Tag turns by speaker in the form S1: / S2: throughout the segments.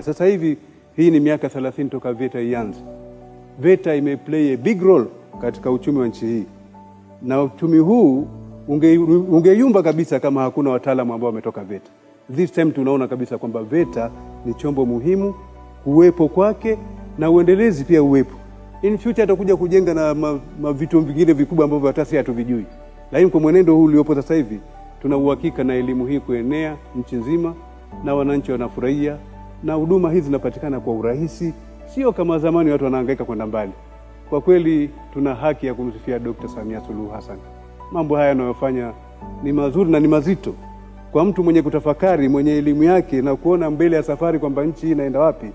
S1: Sasa hivi hii ni miaka 30 toka VETA ianze. VETA imeplay a big role katika uchumi wa nchi hii, na uchumi huu ungeyumba unge kabisa kama hakuna wataalamu ambao wametoka VETA. This time tunaona kabisa kwamba VETA ni chombo muhimu, kuwepo kwake na uendelezi pia uwepo. In future atakuja kujenga na ma, ma vitu vingine vikubwa ambavyo hata sisi hatuvijui, lakini kwa mwenendo huu uliopo sasa hivi tuna uhakika na elimu hii kuenea nchi nzima na wananchi wanafurahia na huduma hizi zinapatikana kwa urahisi, sio kama zamani watu wanahangaika kwenda mbali. Kwa kweli tuna haki ya kumsifia Dkt. Samia Suluhu Hassan. Mambo haya yanayofanya ni mazuri na ni mazito kwa mtu mwenye kutafakari, mwenye elimu yake na kuona mbele ya safari kwamba nchi inaenda wapi.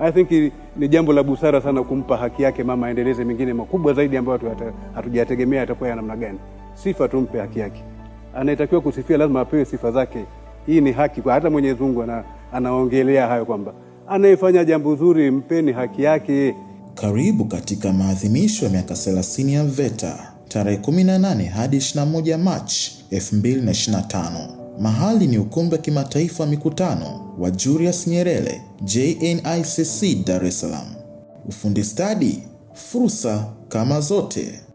S1: I think ni jambo la busara sana kumpa haki yake mama, aendeleze mengine makubwa zaidi ambayo hatujategemea yatakuwa ya namna gani. Sifa tumpe haki yake, anayetakiwa kusifia lazima apewe sifa zake. Hii ni haki kwa hata Mwenyezi Mungu ana anaongelea hayo kwamba anayefanya jambo zuri mpeni haki yake.
S2: Karibu katika maadhimisho ya miaka 30 ya VETA tarehe 18 hadi 21 Machi 2025. Mahali ni ukumbi wa kimataifa wa mikutano wa Julius Nyerere JNICC, Dar es Salaam. Ufundi stadi, fursa kama zote.